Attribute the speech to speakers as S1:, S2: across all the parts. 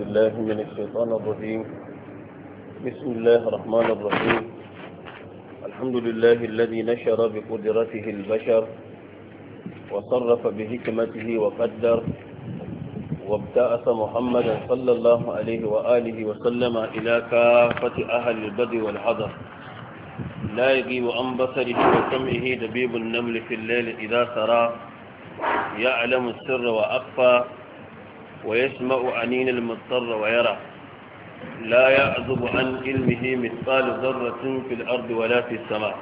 S1: بالله من الشيطان الرجيم بسم الله الرحمن الرحيم الحمد لله الذي نشر بقدرته البشر وصرف بحكمته وقدر وابتأس محمدا صلى الله عليه وآله وسلم إلى كافة أهل البدء والحضر لا يغيب عن بصره وسمعه دبيب النمل في الليل إذا سرى يعلم السر وأخفى ويسمع أنين المضطر ويرى لا يعذب عن علمه مثقال ذرة في الأرض ولا في السماء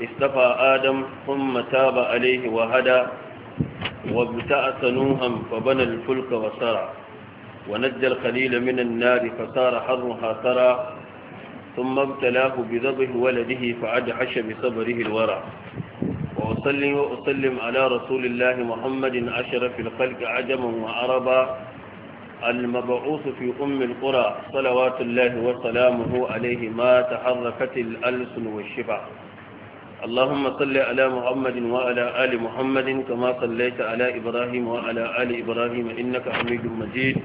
S1: استفى آدم ثم تاب عليه وهدى وابتأس نوها فبنى الفلك وسرى ونجى الخليل من النار فصار حرها سرى ثم ابتلاه بذبه ولده فأدحش بصبره الورى وأصلي وأسلم على رسول الله محمد أشرف الخلق عجما وعربا المبعوث في أم القرى صلوات الله وسلامه عليه ما تحركت الألسن والشفع اللهم صل على محمد وعلى آل محمد كما صليت على إبراهيم وعلى آل إبراهيم إنك حميد مجيد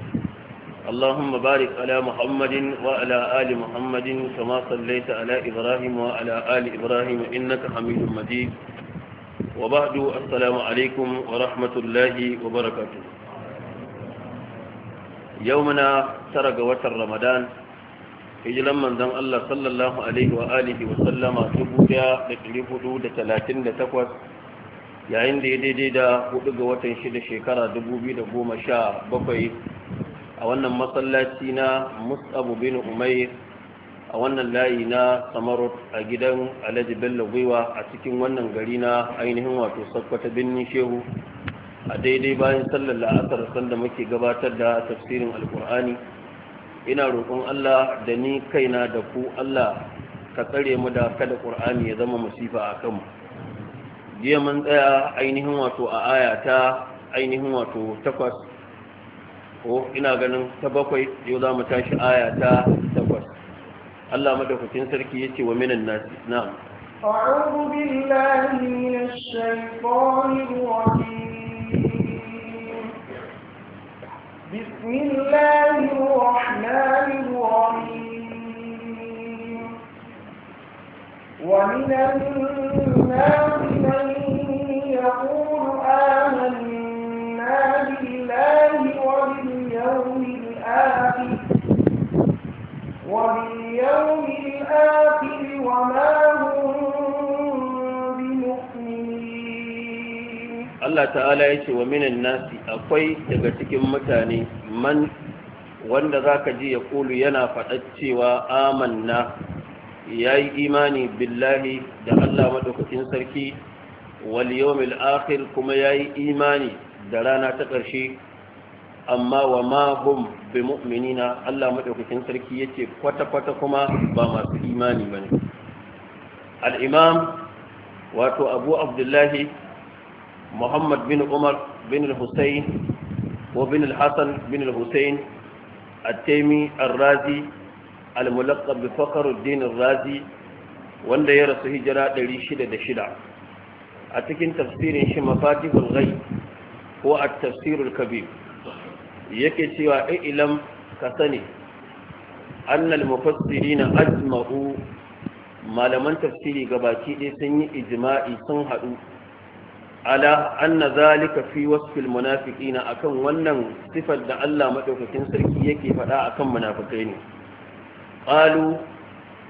S1: اللهم بارك على محمد وعلى آل محمد كما صليت على إبراهيم وعلى آل إبراهيم إنك حميد مجيد وبعد السلام عليكم ورحمة الله وبركاته يومنا ترق وتر رمضان hijiran manzon Allah sallallahu alaihi wa alihi wa sallama takwas, yayin da ya daidai da hudu ga watan shida shekara sha bakwai, a wannan masallaci na Mus'ab bin Umair a wannan layi na samarot a gidan alhaji bello gwiwa a cikin wannan gari na ainihin wato sakwata birnin shehu a daidai bayan sallar la'asar sanda muke gabatar da tafsirin alkur'ani ina roƙon allah da ni kaina da ku allah ka tsare mu da kada ƙur'ani ya zama masifa a kanmu jiya mun tsaya ainihin wato a aya ta ainihin wato takwas ko ina ganin ta bakwai yau za mu tashi aya ta الله madaukakin في yace ومن الناس نعم
S2: أعوذ بالله من الشيطان الرجيم بسم الله الرحمن الرحيم ومن الناس من يقول آمنا بالله وباليوم الآخر وباليوم الآخر وما هم بمؤمنين
S3: الله
S1: تعالى يشي ومن الناس أقوي تغتك متاني من wanda za ka ji ya kulu yana faɗa cewa amanna ya yi imani billahi da Allah maɗaukakin sarki wal yawmil akhir kuma ya yi imani da rana ta ƙarshe amma wa ma hum bi mu'minina Allah madaukakin sarki yace kwata kwata kuma ba masu imani bane al-imam wato Abu Abdullahi Muhammad bin Umar bin al-Husayn wa bin al-Hasan bin al-Husayn at-Taymi ar-Razi al-mulaqab bi Fakhruddin ar-Razi wanda ya rasu hijira 606 a cikin tafsirin shi mafatihul ghaib ko at-tafsirul kabir yake cewa ilan ka sani annal mufassirina ajma'u malaman tafsiri gabaki ɗaya sun yi ijma'i sun haɗu ala anna zalika fi wasfil munafiqina akan wannan sifar da Allah madaukakin sarki yake faɗa akan munafikai ne qalu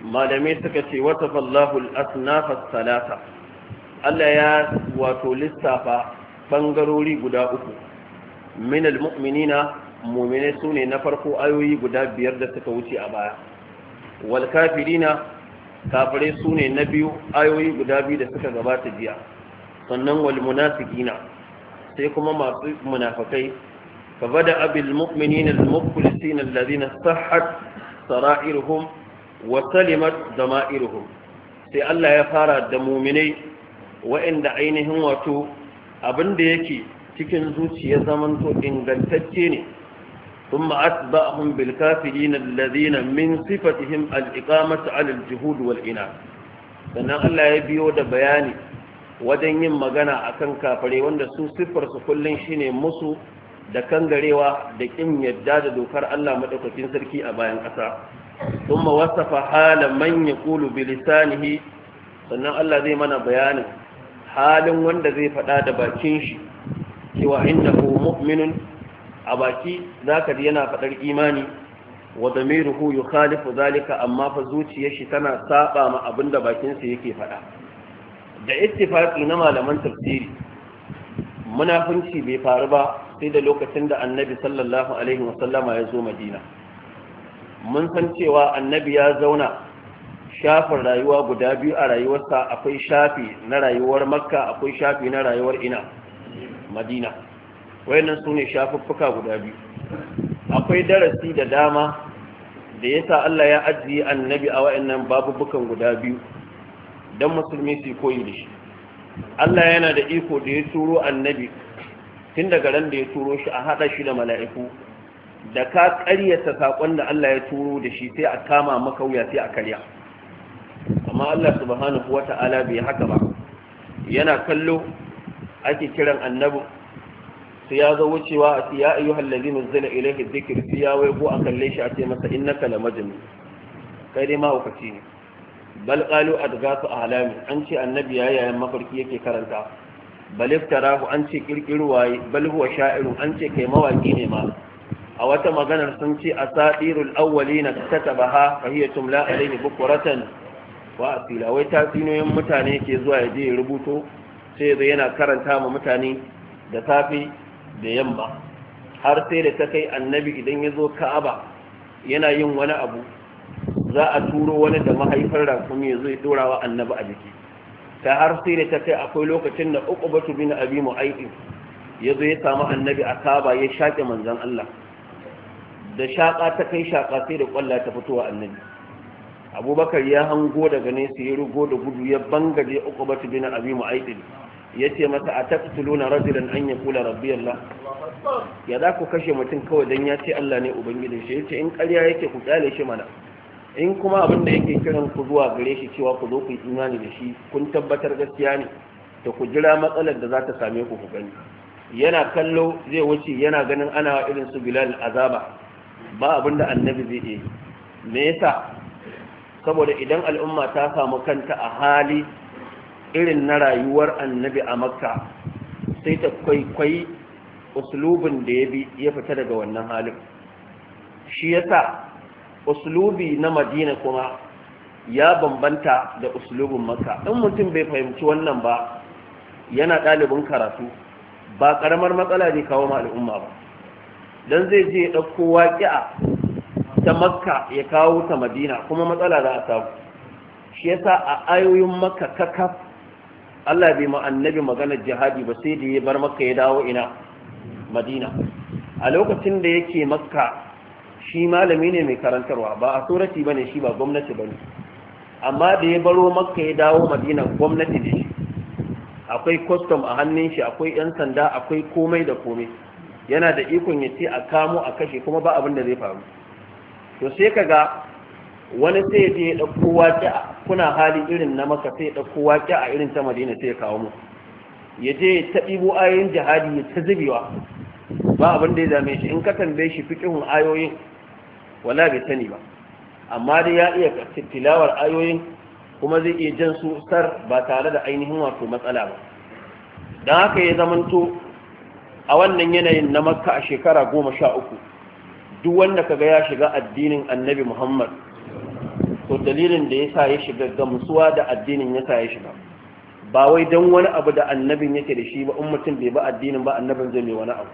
S1: malamai suka ce wasafa Allahu al-asnaf as-salasa Allah ya wato lissafa bangarori guda uku min almu'minina mu'mine su ne na farko ayoyi guda biyar da suka wuce a baya wal kafirina kafire su ne na biyu ayoyi guda biyu da suka gabata jiya sannan wal munafiqina sai kuma masu munafikai fa bada abil mu'minina al mukhlisina alladhina sahhat sara'iruhum wa salimat dama'iruhum sai Allah ya fara da mu'minai wa'anda ainihin wato abin da yake cikin zuciya zamanto ingantacce ne ثم أتبعهم بالكافرين الذين من صفتهم الإقامة على الجهود wal'ina. sannan Allah ya biyo da bayani wajen yin magana akan kafare wanda su siffarsu kullum shine musu da kangarewa da ƙin yadda da dokar Allah madaukakin sarki a bayan ƙasa Sun wasafa hala manya Kulu bilisanihi sannan Allah zai mana bayanin halin wanda zai faɗa da bakin shi cewa innahu mu'minun a baki zaka ji yana faɗar imani wa damiruhu khalifu zalika amma fa zuciya shi tana saba ma abinda bakin sa yake faɗa. da ittifaqi na malaman tafsiri munafunci bai faru ba sai da lokacin da annabi sallallahu alaihi wasallama ya zo madina mun san cewa annabi ya zauna shafin rayuwa guda biyu a rayuwarsa akwai shafi na rayuwar makka akwai shafi na rayuwar ina madina wayannan su ne shafuffuka guda biyu akwai darasi da dama da yasa Allah ya ajiye annabi a wayannan babubukan guda biyu dan musulmi su koyi da shi Allah yana da iko da ya turo annabi tun daga ran da ya turo shi a haɗa shi da mala'iku da ka ƙaryata sakon da Allah ya turo da shi sai a kama maka wuya sai a karya amma Allah subhanahu wata'ala bai haka ba yana kallo ake kiran annabu. sai ya zo wucewa a ya ayyuha allazi nuzila ilayhi dhikr sai ya wai ko a kalle shi a ce masa innaka la majnun kai dai mahaukaci ne bal qalu adgasu ahlami an ce annabi yayi yayin mafarki yake karanta bal iftarahu an ce kirkirwaye bal huwa sha'iru an ce kai mawaki ne ma a wata maganar sun ce asatirul awwalina katabaha fa hiya tumla alayhi bukratan wa asila wai tasinoyin mutane ke zuwa ya je ya rubuto sai zai yana karanta ma mutane da safi da yamma har sai da ta kai annabi idan ya zo ka'aba yana yin wani abu za a turo wani da mahaifar rakumi ya zo ya dora wa annabi a jiki ta har sai da ta kai akwai lokacin da uku batu bin abi aiki ya zo ya samu annabi a kaba ya shaƙe manzan Allah da shaƙa ta kai shaƙa sai da ƙwalla ta wa annabi abubakar ya hango daga nesa ya rugo da gudu ya bangaje uku batu bin abi aiki. ya ce masa a taqtuluna rajulan an yaqula rabbi Allah ya za ku kashe mutum kawai dan ya ce Allah ne ubangijin shi yace in ƙarya yake ku tsale shi mana in kuma abin da yake kiran ku zuwa gare shi cewa ku zo ku yi imani da shi kun tabbatar gaskiya ne to ku jira matsalar da za ta same ku ku gani yana kallo zai wuce yana ganin ana irin su Bilal azaba ba abin da annabi zai yi me yasa saboda idan al'umma ta samu kanta a hali irin na rayuwar annabi a makka sai ta kwaikwai uslubin da ya bi ya fita daga wannan halin shi yasa uslubi na madina kuma ya bambanta da uslubin makka in mutum bai fahimci wannan ba yana ɗalibin karatu ba ƙaramar matsala ne kawo al'umma ba don zai je ɗauko waƙi'a ta makka ya kawo ta madina kuma matsala za a samu shi yasa a ayoyin makka kakaf Allah bai ma annabi maganar jihadi ba sai da ya bar makka ya dawo ina madina a lokacin da yake makka shi malami ne mai karantarwa ba a surati ba ne shi ba gwamnati ba ne amma da ya baro makka ya dawo madina gwamnati ne akwai kwastam a hannun shi akwai 'yan sanda akwai komai da komai yana da ikon ya ce a kamo a kashe kuma ba abin da zai faru to sai ka wani sai ya je ya ɗauko kuna hali irin na maka sai ɗauko waƙi a irin ta madina sai ya kawo mu ya je ya ta ɗibo ayoyin jihadi ya ta zubewa ba abin da ya zame shi in ka tambaye shi fiƙihun ayoyin wala bai sani ba amma dai ya iya tilawar ayoyin kuma zai iya jan su sar ba tare da ainihin wato matsala ba don haka ya zamanto a wannan yanayin na makka a shekara goma sha uku duk wanda ka ga ya shiga addinin annabi muhammad to dalilin da ya sa ya shiga gamsuwa da addinin ya sa ya shiga ba wai don wani abu da annabin yake da shi ba in mutum bai ba addinin ba annabin zai mai wani abu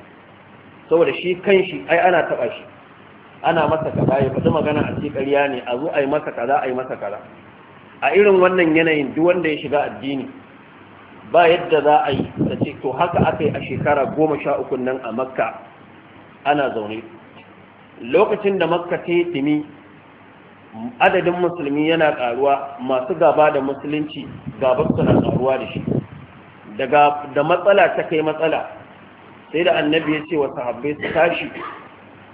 S1: saboda shi kan shi, ai ana taba shi ana masa kaza ya faɗi magana a cikin ƙarya ne a zo a yi masa kaza a yi masa kaza a irin wannan yanayin duk wanda ya shiga addini ba yadda za a yi ta ce to haka aka yi a shekara goma sha uku nan a makka ana zaune lokacin da makka ta yi adadin musulmi yana karuwa masu gaba da musulunci gaban suna karuwa da shi da matsala ta kai matsala sai da annabi ya ce wa sahabbai su tashi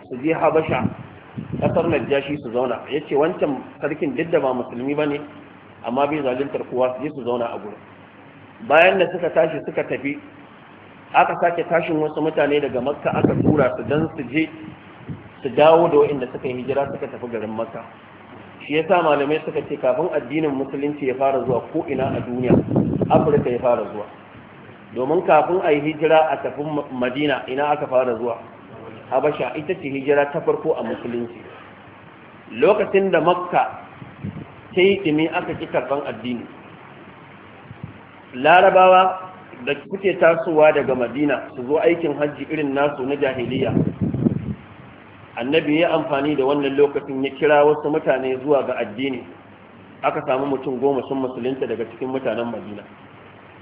S1: su je habasha kasar najashi su zauna ya ce wancan sarkin duk da ba musulmi ba ne amma bai zaluntar kowa su je su zauna a gurin bayan da suka tashi suka tafi aka sake tashin wasu mutane daga makka aka tura su don su je su dawo da waɗanda suka yi hijira suka tafi garin makka shi yasa malamai suka ce kafin addinin musulunci ya fara zuwa ko ina a duniya afirka ya fara zuwa domin kafin a yi hijira a tafin madina ina aka fara zuwa habasha ita ce hijira ta farko a musulunci lokacin da makka ta yi ɗumi aka ƙi karɓar addini larabawa da kuke tasowa daga madina su zo aikin hajji irin nasu na jahiliya annabi ya amfani da wannan lokacin ya kira wasu mutane zuwa ga addini aka samu mutum goma sun musulunta daga cikin mutanen madina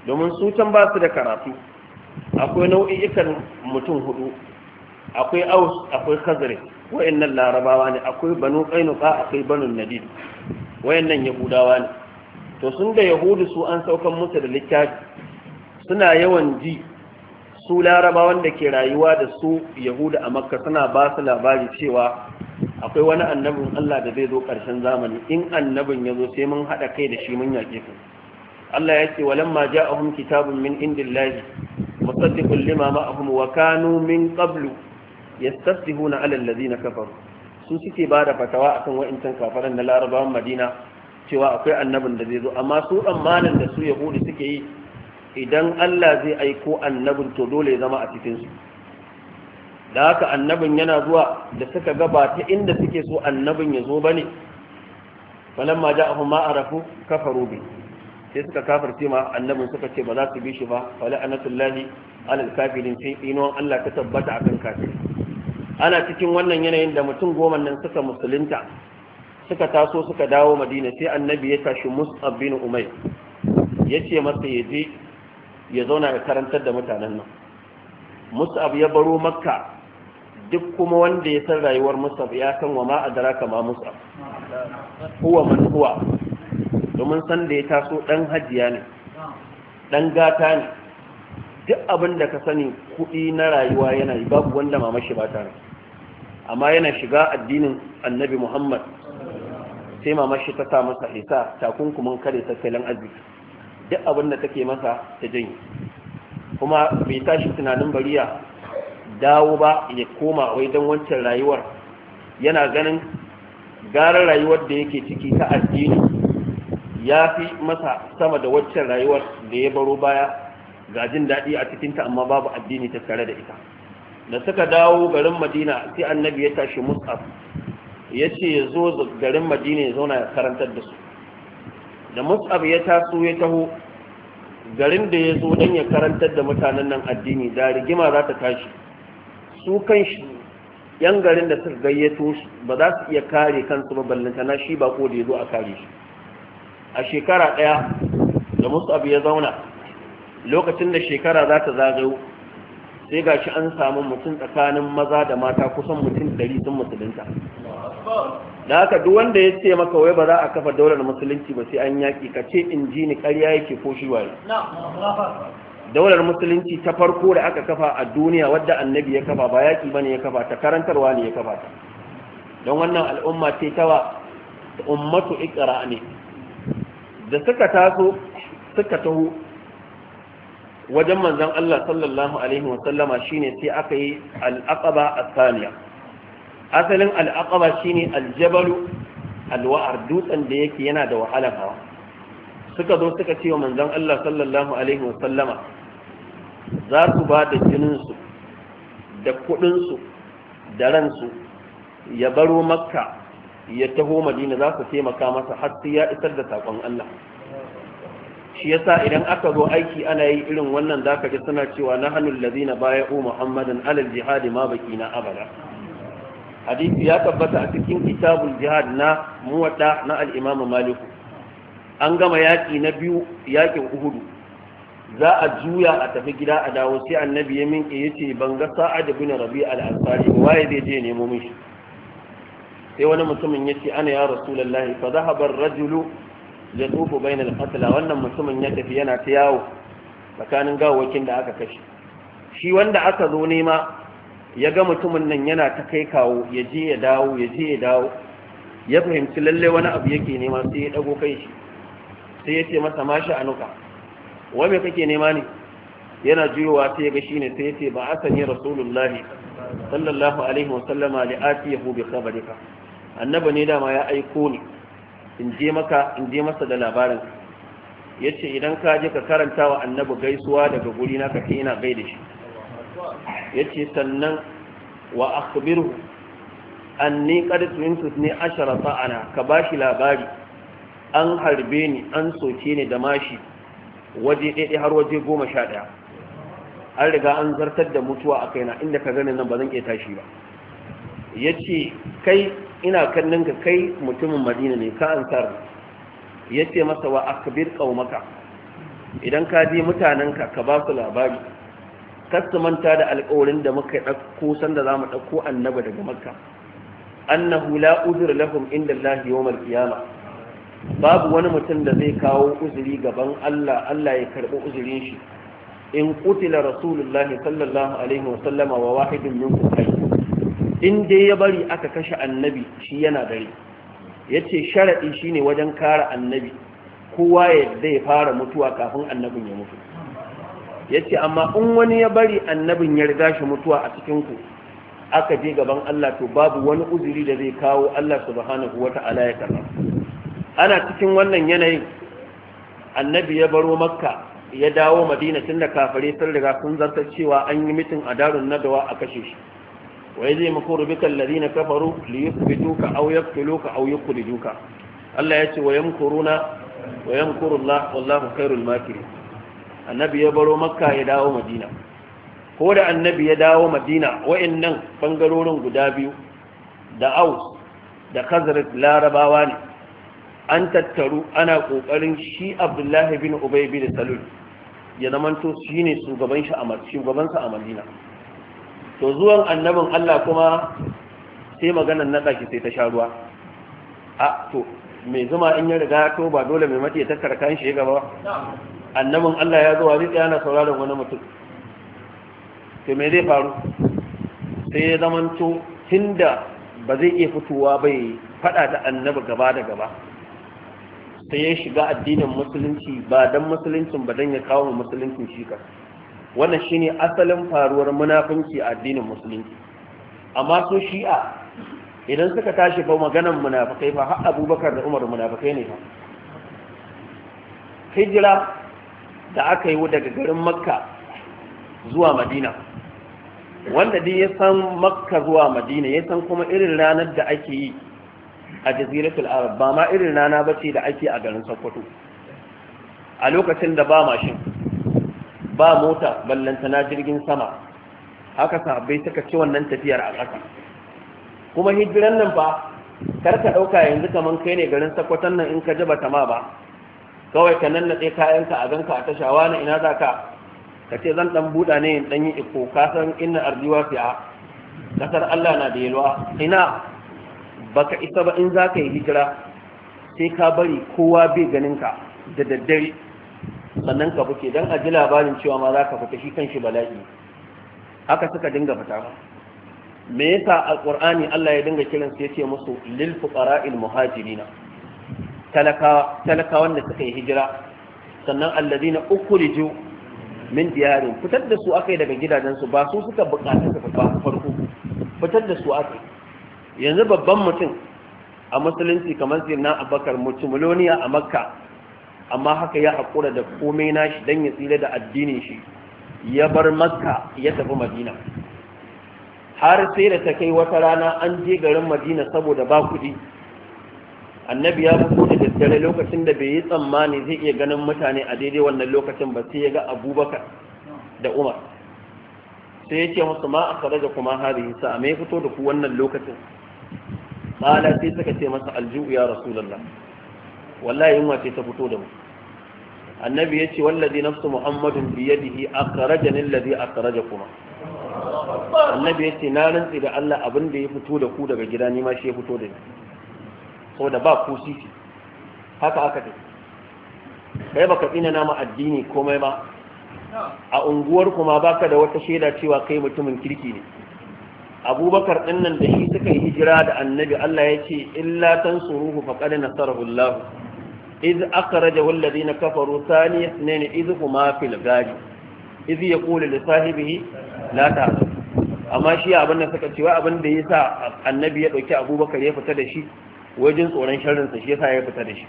S1: domin su can ba su da karatu akwai nau'i'ikan mutum hudu akwai aus akwai khazare nan larabawa ne akwai banu kainuka, akwai banu nadid nan yahudawa ne to sun da yahudu su an saukan musu da littafi suna yawan ji su larabawan da ke rayuwa da su yahuda a makka suna ba su labari cewa akwai wani annabin Allah da zai zo ƙarshen zamani in annabin ya zo sai mun haɗa kai da shi mun yaƙe su Allah ya ce walamma ja'ahum kitabun min indillahi musaddiqun lima ma'ahum wa kanu min qablu yastafsihuna 'ala alladhina kafaru su suke ba da fatawa akan wa'incan kafaran na larabawan Madina cewa akwai annabin da zai zo amma su tsammanin da su yahudi suke yi idan Allah zai aiko annabin to dole ya zama a cikinsu da haka annabin yana zuwa da suka gaba ta inda suke so annabin ya zo ba ne falamma ja'ahum ma arafu kafaru bi sai suka kafirce ma annabin suka ce ba za su bi shi ba fala anatullahi alal kafirin fi inuwan Allah ta tabbata akan kafir ana cikin wannan yanayin da mutum goma nan suka musulunta suka taso suka dawo madina sai annabi ya tashi mus'ab bin umayr ya ce masa ya je ya zauna ya karantar da mutanen nan mus'ab ya baro makka duk kuma wanda ya san rayuwar mus'ab ya san wa ma adraka ma mus'ab huwa man huwa domin san da ya taso dan hajiya ne dan gata ne duk abin da ka sani kuɗi na rayuwa yana yi babu wanda mamashi shi ba tare amma yana shiga addinin annabi muhammad sai mamashi ta sa masa isa takunkumin kare tattalin arziki duk abin da take masa ta jin kuma bai tashi tunanin bariya dawo ba ya koma wai don wancan rayuwar yana ganin gara rayuwar da yake ciki ta addini ya fi masa sama da wancan rayuwar da ya baro baya ga jin daɗi a cikinta amma babu addini ta tare da ita da suka dawo garin madina sai annabi ya tashi mus'ab ya ce ya zo garin madina ya zauna ya karantar da su da mus'ab ya taso ya taho garin da ya zo don ya karantar da mutanen nan addini da rigima za ta tashi su kan shi yan garin da suka gayyato shi ba za su iya kare kansu ba ballantana shi ba ko da ya zo a kare shi a shekara ɗaya da musu abu ya zauna lokacin da shekara za ta zagayo sai ga shi an samu mutum tsakanin maza da mata kusan mutum ɗari sun musulunta da haka duk wanda ya ce maka wai ba za a kafa daular musulunci ba sai an yaki. ka ce in ji ni ƙarya yake ko shi waye daular musulunci ta farko da aka kafa a duniya wadda annabi ya kafa ba yaƙi bane ya kafa ta karantarwa ne ya kafa ta don wannan al'umma ce tawa ummatu iqra ne da suka taso suka taho wajen manzon Allah sallallahu alaihi wa shine sai aka yi al-aqaba as-saniya asalin shi shine aljabalu alwa'ar dutsen da yake yana da wahala hawa suka zo suka ce wa manzon Allah sallallahu alaihi wasallama za su ba da jininsu, da kudin su da ransu ya baro makka ya taho madina za su taimaka masa har sai ya isar da sakon Allah shi yasa idan aka zo aiki ana yi irin wannan ka ji suna cewa na hannun lazina baya u muhammadin alal jihadi ma baki na abada hadisi ya tabbata a cikin kitabul jihad na muwadda na al-imam malik an gama yaki na biyu yakin uhudu za a juya a tafi gida a dawo sai annabi ya minke yace ban ga sa'ad bin rabi al-ansari waye zai je nemo mishi sai wani mutumin yace ana ya rasulullahi fa dhahaba ar-rajulu yatufu bayna al-qatla wannan mutumin ya tafi yana ta yawo tsakanin gawakin da aka kashe shi wanda aka zo nema ya ga mutumin nan yana ta kai kawo ya je ya dawo ya je ya dawo ya fahimci lalle wani abu yake nema sai ya dago kai shi sai ya ce masa mashi nuka. wai me kake nema ne yana juyowa sai ya ga ne, sai ya ce ba a sani rasulullahi sallallahu alaihi wa sallama li atiyahu bi khabarika annaba ne dama ya aiko ni in je maka in je masa da labarin yace idan ka je ka karanta wa annabi gaisuwa daga guri na ka ina gaida shi yace sannan wa akhbirhu anni qad tunsus ni ashara sa'ana ka bashi labari an harbe ni an soce ni da mashi waje ɗaya har waje goma sha ɗaya an riga an zartar da mutuwa a kaina inda ka gani nan ba zan iya tashi ba ya ce kai ina kallon ka kai mutumin madina ne ka ansar ya ce masa wa akbir qaumaka idan ka je mutanenka ka ba su labari kasu manta da alƙawarin da muka ɗauko sanda za mu ɗauko annaba daga makka annahu la uzur lahum inda Allah yawmal babu wani mutum da zai kawo uzuri gaban Allah Allah ya karɓi uzurin shi in qutila rasulullah sallallahu alaihi wa sallama wa wahidun minkum kai in dai ya bari aka kashe annabi shi yana dare yace sharadi shine wajen kare annabi kowa ya zai fara mutuwa kafin annabin ya mutu Ya ce amma in wani ya bari annabin ya riga shi mutuwa a cikin aka je gaban Allah to babu wani uzuri da zai kawo Allah subhanahu ta'ala ya karba ana cikin wannan yanayin annabi ya baro makka ya dawo madina tun da kafare sun riga sun zartar cewa an yi mitin a darun nadawa a kashe shi wa zai makuru bika alladhina kafaru li yuthbituka aw yaqtuluka aw yukhrijuka Allah ya ce wa yamkuruna wa yamkuru Allah wallahu khairul makirin annabi ya baro makka ya dawo madina ko da annabi ya dawo madina wa'annan bangarorin guda biyu da aus da khazraj larabawa ne an tattaru ana kokarin shi abdullahi bin ubay bin salul ya zamanto shine shugaban shi a shugaban a madina to zuwan annabin Allah kuma sai maganar na daki sai ta sha ruwa a to mai zuma in ya riga to ba dole mai mace ya tattara kan shi gaba annabin Allah ya zo wani tsaya na sauraron wani mutum sai me zai faru sai ya zamanto tunda ba zai iya fitowa bai fada da annabi gaba da gaba sai ya shiga addinin musulunci ba dan musuluncin ba dan ya kawo musuluncin shi ka wannan shine asalin faruwar munafunci a addinin musulunci amma su shi'a idan suka tashi ba maganan munafikai fa har abubakar da umar munafikai ne fa hijira da aka yi daga garin makka zuwa madina wanda dai ya san makka zuwa madina ya san kuma irin ranar da ake yi a jaziratul arab ba ma irin rana ba ce da ake a garin sokoto a lokacin da ba mashin ba mota ballanta na jirgin sama haka sahabbai suka ci wannan tafiyar a ƙasa kuma hijiran nan ba kar ka ɗauka yanzu kaman kai ne garin sakwatan nan in ka ji bata ma ba kawai ka nannaɗe kayanka a ganka a tasha wani ina za ka ka ce zan ɗan buɗa ne ɗan yi iko ka san ina arziwa fi'a ƙasar Allah na da yalwa ina baka isa ba in za ka yi hijira sai ka bari kowa bai ganin ka da daddare sannan ka buke. don a ji labarin cewa ma za ka fita shi kan shi bala'i haka suka dinga fita me yasa alqur'ani Allah ya dinga kiran ya ce musu lil fuqara'il muhajirina talakawa talakawan da suka yi hijira sannan alladina ukhriju min diyarin fitar da su akai daga gidajensu ba su suka bukata su ba farko fitar da su akai yanzu babban mutum a musulunci kamar sirna abakar mutumuloniya a makka amma haka ya haƙura da komai nashi dan ya tsira da addinin shi ya bar makka ya tafi madina har sai da ta kai wata rana an je garin madina saboda ba kuɗi annabi ya fito da daddare lokacin da bai yi tsammani zai iya ganin mutane a daidai wannan lokacin ba sai ya ga abubakar da umar sai ya ce musu ma a da kuma hadihi sa'a me fito da ku wannan lokacin qala sai suka ce masa aljihu ya rasulullah wallahi yunwa ce ta fito da mu annabi ya ce wallazi nafsu muhammadun bi yadihi akhrajani allazi kuma annabi ya ce na rantsi da Allah abin da ya fito da ku daga gida ni ma shi ya fito da ni saboda ba ko sisi haka aka ce kai baka tsina nama addini komai ba a unguwar kuma baka da wata shaida cewa kai mutumin kirki ne abubakar din nan da shi suka yi hijira da annabi Allah ya ce illa tansuruhu faqad nasarahu Allah iz akhrajahu alladhina kafaru thani ithnain iz huma fil gadi iz yaqulu li sahibihi la ta'lam amma shi abin da suka cewa abin da yasa annabi ya dauki abubakar ya fita da shi wajen tsoron sharrinsa shi yasa ya fita da shi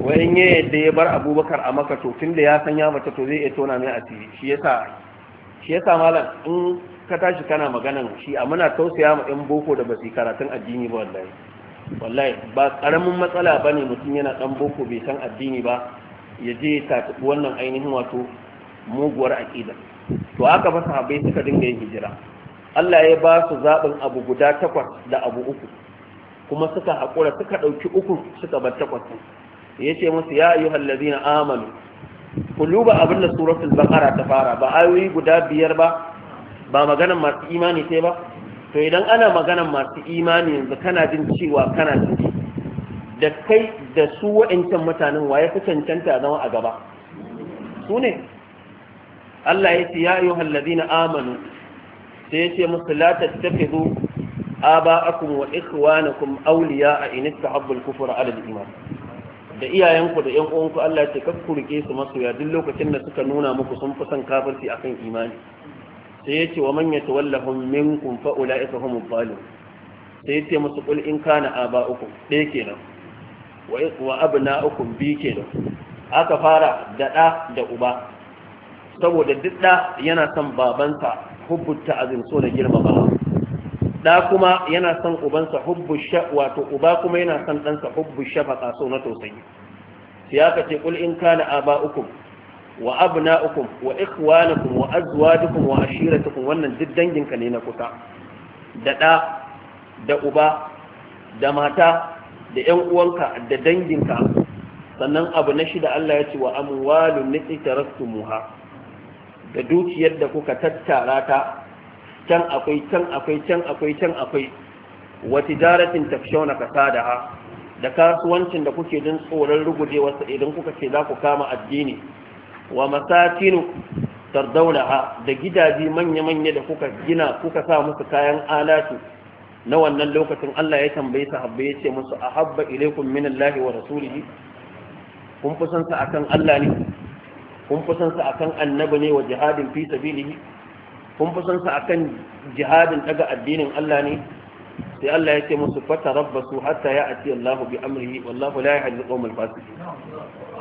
S1: wayan ya yadda ya bar abubakar a maka to tun da ya san ya mata to zai iya tona mai asiri shi yasa shi yasa malam in ka tashi kana maganan shi a muna tausaya ma yan boko da basu karatun addini ba wallahi wallahi ba karamin matsala bane mutum yana dan boko bai san addini ba ya je ta wannan ainihin wato muguwar aqida to aka fa sahabbai suka dinga yin hijira Allah ya ba su zaɓin abu guda takwas da abu uku kuma suka haƙura suka ɗauki uku suka bar takwas ya ce musu ya yi hallazi na amalu kuluba abin da suratul bakara ta fara ba ayoyi guda biyar ba ba maganan masu imani sai ba to idan ana maganan masu imani yanzu kana jin cewa kana jin da kai da su waɗancan mutanen waye fi cancanta zama a gaba su ne Allah ya ce ya yi hallazi na amalu sai ya ce musu la aba'akum wa ikhwanakum awliya a in istahabbu al-kufra 'ala al-iman da iyayenku da 'yan uwanku Allah ya ce kar ku rike su masoya duk lokacin da suka nuna muku sun fi son kafirci akan imani sai ya ce wa man yatawallahum minkum fa ulaika al zalimun sai ya ce musu qul in kana aba'ukum ɗaya kenan wa wa abna'ukum bi kenan aka fara da ɗa da uba saboda duk ɗa yana son babansa hubbu ta'zim so da girmama da kuma yana son ubansa hubbu wato uba kuma yana son ɗansa hubbu shafaqa so na tausayi sai aka ce kul in kana aba'ukum wa abna'ukum wa ikhwanukum wa azwajukum wa ashiratukum wannan duk danginka ne na kusa da da da uba da mata da ƴan uwanka da danginka sannan abu na shida Allah ya ce wa amwalun muha, da dukiyar da kuka tattara ta can akwai can akwai can akwai can akwai wa tijaratin na kasadaha da kasuwancin da kuke don tsoron ruguje wasu idan kuka ce za ku kama addini wa masatinu tardaunaha da gidaje manya-manya da kuka gina kuka sa musu kayan alatu na wannan lokacin Allah ya tambayi su habba ya ce musu ahabba ilaikum minallahi wa rasulihi kun fi san sa akan Allah ne kun fi san sa akan annabi ne wa jihadin fi sabilihi kun fi son sa akan jihadin daga addinin Allah ne sai Allah ya ce musu fata su hatta ya ake Allah bi amrihi wallahu la yahdi al-qawmal fasiqin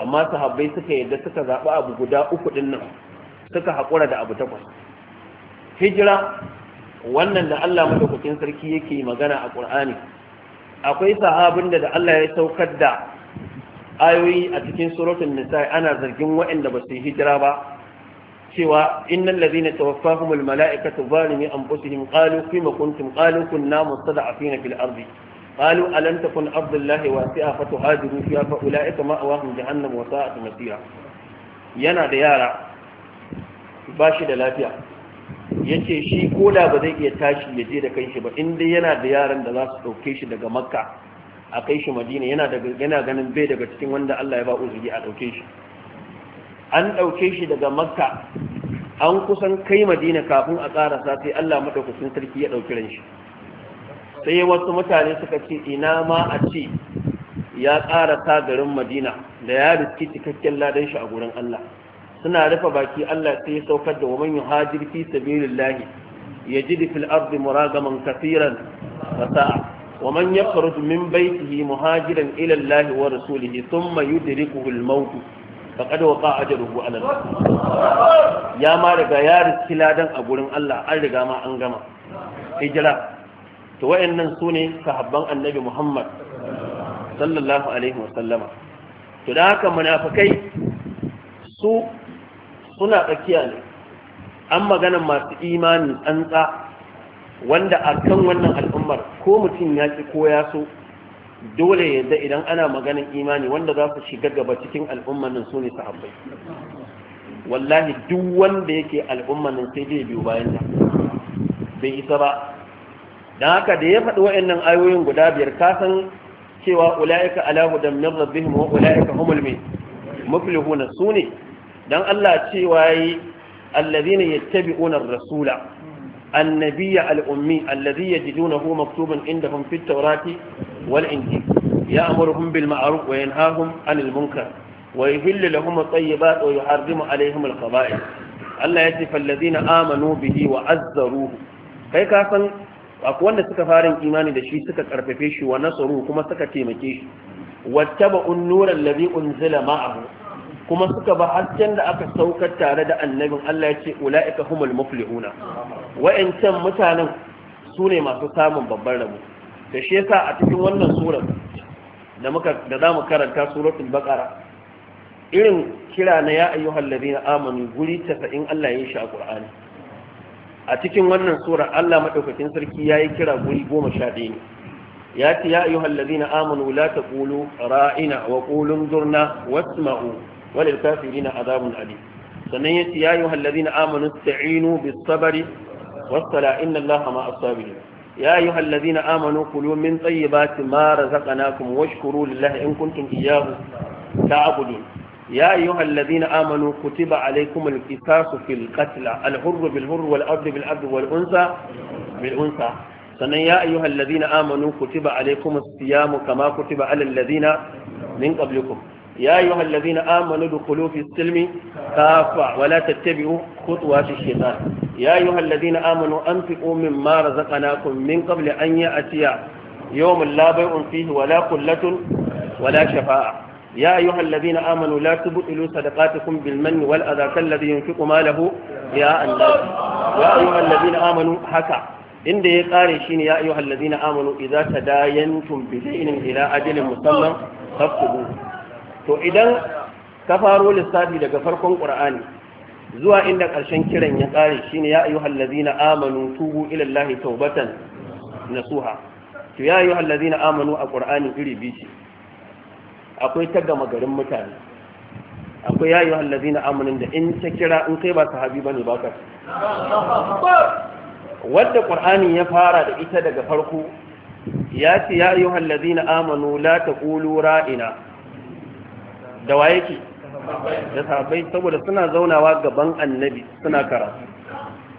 S1: amma sahabbai suka yadda suka zaba abu guda uku din nan suka hakura da abu takwas hijira wannan da Allah madaukakin sarki yake magana a Qur'ani akwai sahabin da Allah ya saukar da ayoyi a cikin suratul nisa ana zargin waɗanda ba su hijira ba cewa innal ladhina tawaffahumul mala'ikatu zalimi anfusihim qalu fima kuntum qalu kunna mustada'afina fil ardi قالوا ألم تكن أرض الله واسعة فتهاجروا فيها فأولئك مأواهم جهنم وساءت مسيرا yana da yara ba shi da lafiya ya ce shi kola ba zai iya tashi ya je da shi ba inda yana da yaran da za su ɗauke shi daga makka a kai shi madina yana ganin bai daga cikin wanda allah ya ba uzuri a ɗauke shi an ɗauke shi daga makka an kusan kai madina kafin a ƙarasa sai allah maɗaukakin sarki ya ɗauki ran shi sai wasu mutane suka ce ina ma a ce ya sa garin madina da ya riski cikakken ladan shi a gurin allah suna rufe baki allah sai ya saukar da waman yuhajir fi sabilillahi ji fil ardi muragaman kafiran fasa'a ومن يخرج من ilallahi wa إلى الله ورسوله ثم يدركه الموت faqad waqa ajruhu ala ya ma daga ya riski ladan a gurin Allah an riga ma an gama hijira to ne sune sahabban annabi Muhammad sallallahu alaihi wasallama to da haka munafikai su suna tsakiya ne an magana masu imani tsantsa wanda a kan wannan al'ummar ko mutum ya ki ko ya so dole yadda idan ana maganin imani wanda za su shiga gaba cikin nan su ne sahabbai wallahi duk wanda yake nan sai dai biyu bayan sa bai isa ba Don haka da ya faɗi wa'annan ayoyin guda biyar ka san cewa ula'ika ala hudan min rabbihim wa ula'ika humul muflihuna sune dan Allah cewa yi allazina yattabi'una ar-rasula annabiyya al-ummi allazi yajidunahu maktuban indahum fit taurati. والإنجيل يأمرهم بالمعروف وينهاهم عن المنكر ويهل لهم الطيبات ويحرم عليهم الخبائث Allah ya ce fallazina amanu bihi wa azzaruhu kai ka san akwai wanda suka fara imani da shi suka karfafe shi wa nasaru kuma suka taimake shi wattaba unnura allazi unzila ma'ahu kuma suka ba hasken da aka saukar tare da annabin Allah ya ce ulaika humul muflihuna wa'ancan mutanen su ne masu samun babban rabo da shi yasa a cikin wannan surar da muka da zamu karanta suratul baqara irin kira na ya ayyuhal ladina amanu guri in Allah ya yi shi a Qur'ani a cikin wannan sura Allah madaukakin sarki yayi kira guri 11 ne ya ce ya ayyuhal ladina amanu la taqulu ra'ina wa qulu zurna wasma'u walil kafirina adabun alim sannan ya ce ya ayyuhal ladina amanu ista'inu bis sabri was sala inna Allaha ma'as sabirin يا أيها الذين آمنوا كلوا من طيبات ما رزقناكم واشكروا لله إن كنتم إياه تعبدون يا أيها الذين آمنوا كتب عليكم القصاص في القتلى الحر بالحر والأرض بالأرض والأنثى بالأنثى sannan ya ayyuha alladhina amanu kutiba alaykumus siyamu kama kutiba alal ladina min qablikum يا أيها الذين آمنوا ادخلوا في السلم كافة ولا تتبعوا خطوات الشيطان يا أيها الذين آمنوا أنفقوا مما رزقناكم من قبل أن يأتي يوم لا بيع فيه ولا قلة ولا شفاعة يا أيها الذين آمنوا لا تبطلوا صدقاتكم بالمن والأذى كالذي ينفق ماله يا الناس
S3: يا أيها الذين
S1: آمنوا حكى إن دي قاري شين يا أيها الذين آمنوا إذا تداينتم بدين إلى أجل مسمى فاكتبوه to idan ka faro lissafi daga farkon qur'ani zuwa inda ƙarshen kiran ya ƙare shine ya ayyuhal ladina amanu tubu ila allahi tawbatan nasuha to ya ayyuhal ladina amanu a qur'ani iri biyu akwai ta gama garin mutane akwai ya ayyuhal ladina amanu da in ta kira in kai ba sahabi bane ba ka wadda qur'ani ya fara da ita daga farko ya ce ya ayyuhal ladina amanu la taqulu ra'ina da wa yake da sahabbai saboda suna zaunawa gaban annabi suna karatu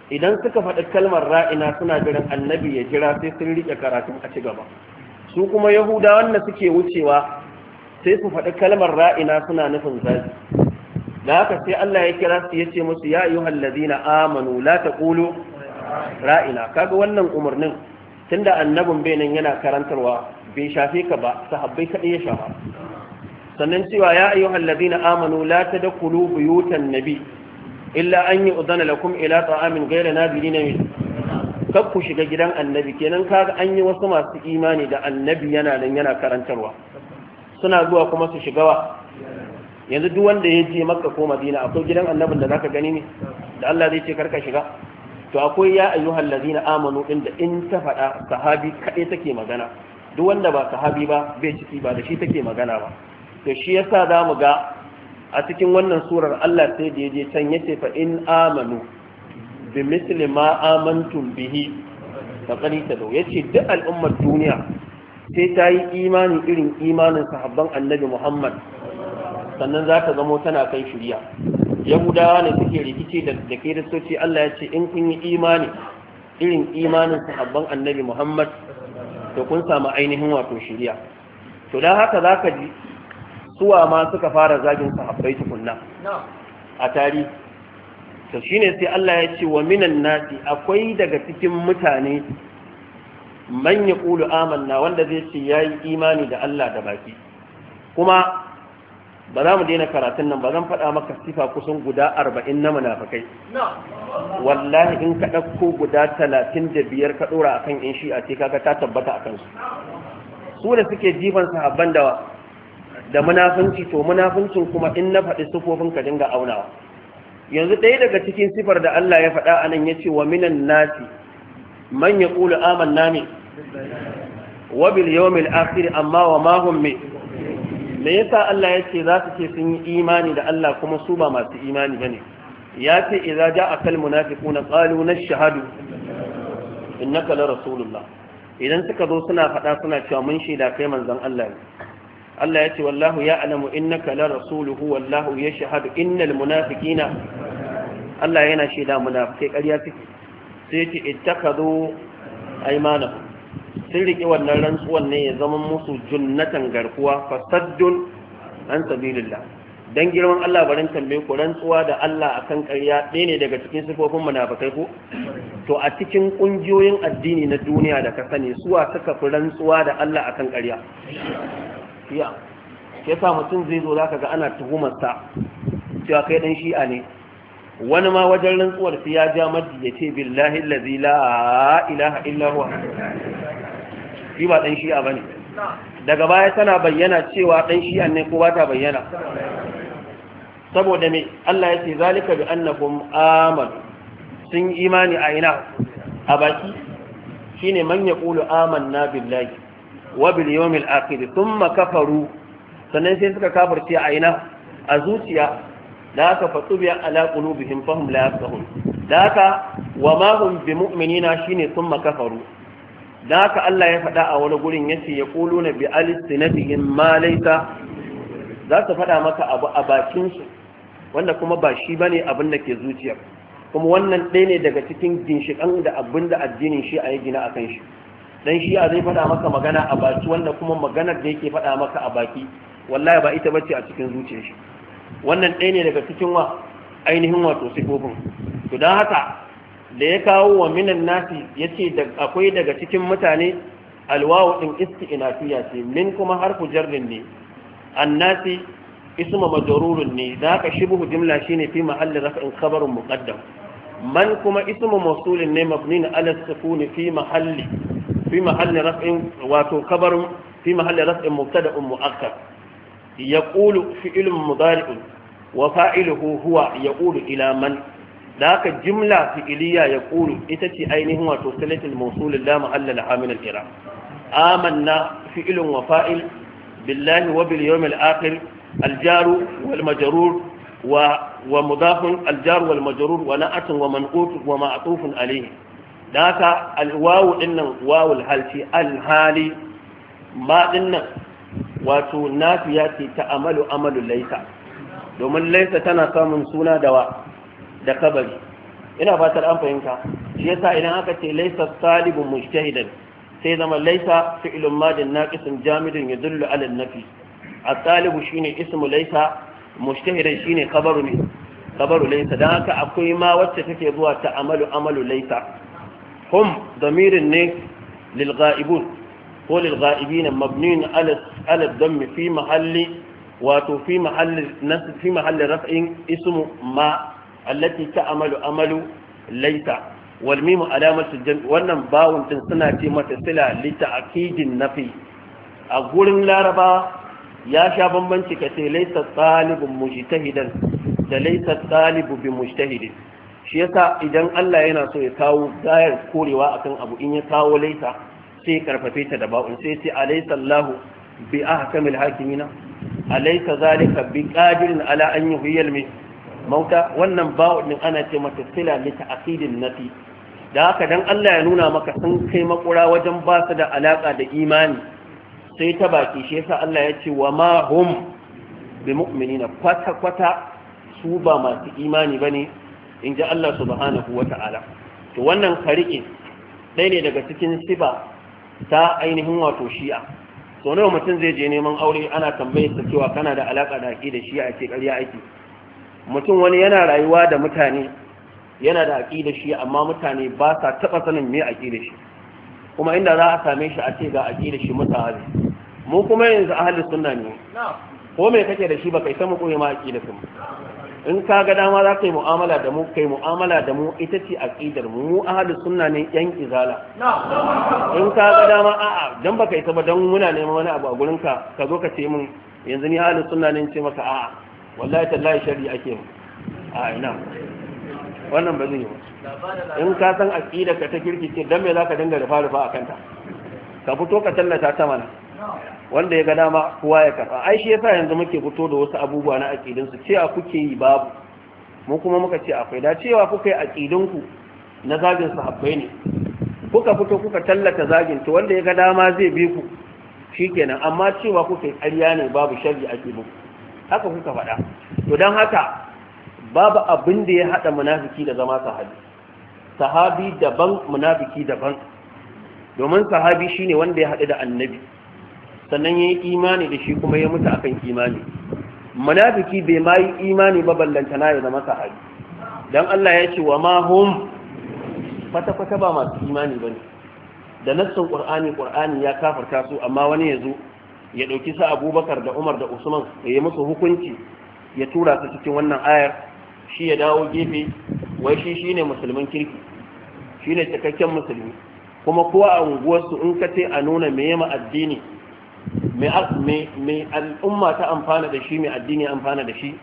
S1: idan suka faɗi kalmar ra'ina suna jiran annabi ya jira sai sun riƙe karatun a ci gaba su kuma Yahuda, wanda suke wucewa sai su faɗi kalmar ra'ina suna nufin zazi da haka sai Allah ya kira su ya ce musu ya ayyuhal ladina amanu la taqulu ra'ina kaga wannan umarnin tunda annabin bai yana karantarwa bai shafe ka ba sahabbai kaɗai ya shafa sannan cewa ya ayyuhal na amanu la tadkhulu buyutan nabi illa an yu'dana lakum ila ta'amin ghayra min. kar ku shiga gidan annabi kenan kaga an yi wasu masu imani da annabi yana nan yana karantarwa suna zuwa kuma su shiga wa yanzu duk wanda ya je makka ko madina akwai gidan annabin da zaka gani ne da Allah zai ce karka shiga to akwai ya ayyuhal ladina amanu din da in ta faɗa sahabi kaɗai take magana duk wanda ba sahabi ba bai ciki ba da shi take magana ba to shi yasa za mu ga a cikin wannan surar Allah sai da yaje can yace fa in amanu bi misli ma amantum bihi faqad tadaw yace duk al'ummar duniya sai ta yi imani irin imanin sahabban annabi Muhammad sannan za ta zamo tana kai shirya yahudawa ne suke rikici da da kiristoci Allah ya ce in kun yi imani irin imanin sahabban annabi Muhammad to kun samu ainihin wato shirya to dan haka zaka ji suwa ma suka fara zagin sahabbai tukunna a tarihi to shine sai Allah ya ce wa minan nasi akwai daga cikin mutane man Kulu amanna wanda zai ce ya yi imani da Allah da baki kuma ba za mu daina karatun nan ba zan faɗa maka sifa kusan guda arba'in na munafakai wallahi in ka ɗauko guda talatin da biyar ka ɗora akan in shi'a ce kaga ta tabbata a kansu su da suke jifan sahabban da da munafunci to munafuncin kuma in na faɗi sufofin ka dinga aunawa yanzu ɗaya daga cikin sifar da Allah ya faɗa anan ya ce wa minan nasi man ya ƙulu aman nami wa bil yawmil akhir amma wa ma hum me yasa Allah ya ce za su ce sun yi imani da Allah kuma su ba masu imani bane ya ce idza ja'a kal munafiquna qalu nashhadu innaka la rasulullah idan suka zo suna faɗa suna cewa mun shaida kai manzon Allah ne Allah ya ce wallahu ya alamu innaka la rasuluhu wallahu ya shahadu innal munafiqina Allah yana shaida munafikai ƙarya suke sai ce ittakhadhu aymana sun riƙe wannan rantsuwan ne ya zama musu junnatan garkuwa fasaddun an sabilillah dan girman Allah barin tambaye ku rantsuwa da Allah akan ƙarya ɗaya ne daga cikin sifofin munafikai ko to a cikin ƙungiyoyin addini na duniya da ka sani suwa suka fi rantsuwa da Allah akan ƙarya tafiya ke yasa mutum zai zo zaka ga ana tuhumar cewa kai dan shi'a ne wani ma wajen rantsuwar su ya ja maddi ya ce billahi lazi la ilaha illa huwa shi ba dan shi'a bane daga baya tana bayyana cewa dan shi'a ne ko ba ta bayyana saboda me Allah ya ce zalika bi annahum amanu sun imani a ina a baki shine man yaqulu amanna billahi wa bil yawmil akhir thumma kafaru sannan sai suka kafirce a ina a zuciya da aka fatsu biya ala qulubihim fahum la yafqahun da aka wa ma hum bi mu'minina shine thumma kafaru da aka Allah ya faɗa a wani gurin yace na bi alsinatihim ma laysa za su faɗa maka abu a bakin wanda kuma ba shi bane abin da ke zuciyar kuma wannan ɗaya ne daga cikin ginshiƙan da abin da addinin shi a yi gina a kan shi dan shi ya zai faɗa maka magana a baki wanda kuma maganar da yake faɗa maka a baki wallahi ba ita bace a cikin zuciyar shi wannan ɗaya ne daga cikin wa ainihin wato sifofin to dan haka da ya kawo wa minan nasi yace da akwai daga cikin mutane alwawu din isti'nafiya ce min kuma harfu jarrin ne annasi ismu majrurun ne da haka shibhu jumla shine fi mahalli raf'in khabarun muqaddam man kuma ismu mawsulin ne mabni ala sukuni fi mahalli fi mahalli raf'in wato kabarin fi mahalli raf'in mubtada'un mu'akkar yaqulu fi'lun mudari'un wa fa'iluhu huwa yaqulu ila man da haka jimla fi'iliya yaqulu ita ce ainihin wato silatul mawsul la mahalla la amil al i'rab amanna fi'lun wa fa'il billahi wa bil yawmil akhir al jaru wal majrur wa ومضاف الجار والمجرور ونعت ومنقوط ومعطوف عليه da haka alwawu din nan wawul halci alhali ma din nan wato nafiya ce ta amalu amalu laisa domin laisa tana samun suna da da kabari ina fatar an fahimta shi yasa idan aka ce laisa salibun mujtahidan sai zama laisa fi'lun madin naqisun jamidun yadullu ala nafi at-talibu shine ismu laisa mujtahidan shine kabaru ne kabaru laisa dan haka akwai ma wacce take zuwa ta amalu amalu laisa hum damirin ne lilga'ibun ko lilga'ibin mabnin ala don fi mahalli wato fi mahalli fi mahalli raf'in ismu ma allati ta'malu amalu laita wal mim alamatu jam wannan bawun din suna ce mata sila li ta'kidin nafi a gurin laraba ya sha bambanci ka ce laita talibun mujtahidan da bi mujtahidin shi yasa idan Allah yana so ya kawo gayar korewa akan abu in ya kawo laita sai ya karfafe ta da ba'un sai sai alaysa Allah bi ahkamil hakimina alaysa zalika bi qadirin ala an yuhyil mauta wannan ba'un din ana ce mata sila li ta'qidin nafi da haka dan Allah ya nuna maka sun kai makura wajen ba su da alaka da imani sai ta baki shi yasa Allah ya ce wa ma hum bi mu'minina kwata kwata su ba masu imani bane in ji Allah subhanahu wa ta'ala to wannan kariƙe ɗaya ne daga cikin siba ta ainihin wato shi'a so nawa mutum zai je neman aure ana tambayar sa cewa kana da alaƙa da da shi'a ce ƙarya ake mutum wani yana rayuwa da mutane yana da da shi amma mutane ba sa taɓa sanin me da shi kuma inda za a same shi a ce ga da shi hali. mu kuma yanzu halin sunna ne ko me kake da shi kai isa mu koyi ma aqida kuma in ka ga dama za ka yi mu'amala da mu kai mu'amala da mu ita ce aqidar mu mu ahlus sunna ne yan izala
S2: in ka ga dama a'a
S1: dan baka ita ba dan muna neman wani abu a gurin ka ka zo ka ce min yanzu ni ahlus sunna ne ce maka a'a wallahi tallahi shari ake mu a ina wannan ba zai yi ba. in ka san aqidar ka ta kirkice dan me za ka dinga rufa rufa akan ta ka fito ka tallata ta mana wanda ya ga dama kowa ya karɓa ai shi yasa yanzu muke fito da wasu abubuwa na su cewa kuke yi babu mu kuma muka ce akwai da cewa kuka yi ku na zagin su haɓɓai ne kuka fito kuka tallata zagin to wanda ya ga dama zai bi ku shikenan amma cewa kuka yi ƙarya ne babu sharri a ƙibin haka kuka faɗa to don haka babu abin da ya haɗa munafiki da zama sahabi sahabi daban munafiki daban domin sahabi shine wanda ya haɗu da annabi sannan ya yi imani da shi kuma ya mutu akan imani munafiki bai ma yi imani ba ballantana ya zama sahabi don Allah ya ce wa ma hum kwata kwata ba masu imani ba ne da nassin ƙur'ani, ƙur'ani ya kafarta su amma wani ya zo ya ɗauki sa abubakar da umar da usman ya musu hukunci ya tura su cikin wannan ayar shi ya dawo gefe wai shi shine musulmin kirki shine cikakken musulmi kuma kowa a unguwarsu in ka ce a nuna me ma addini mai al'umma ta amfana da shi mai addini amfana da shi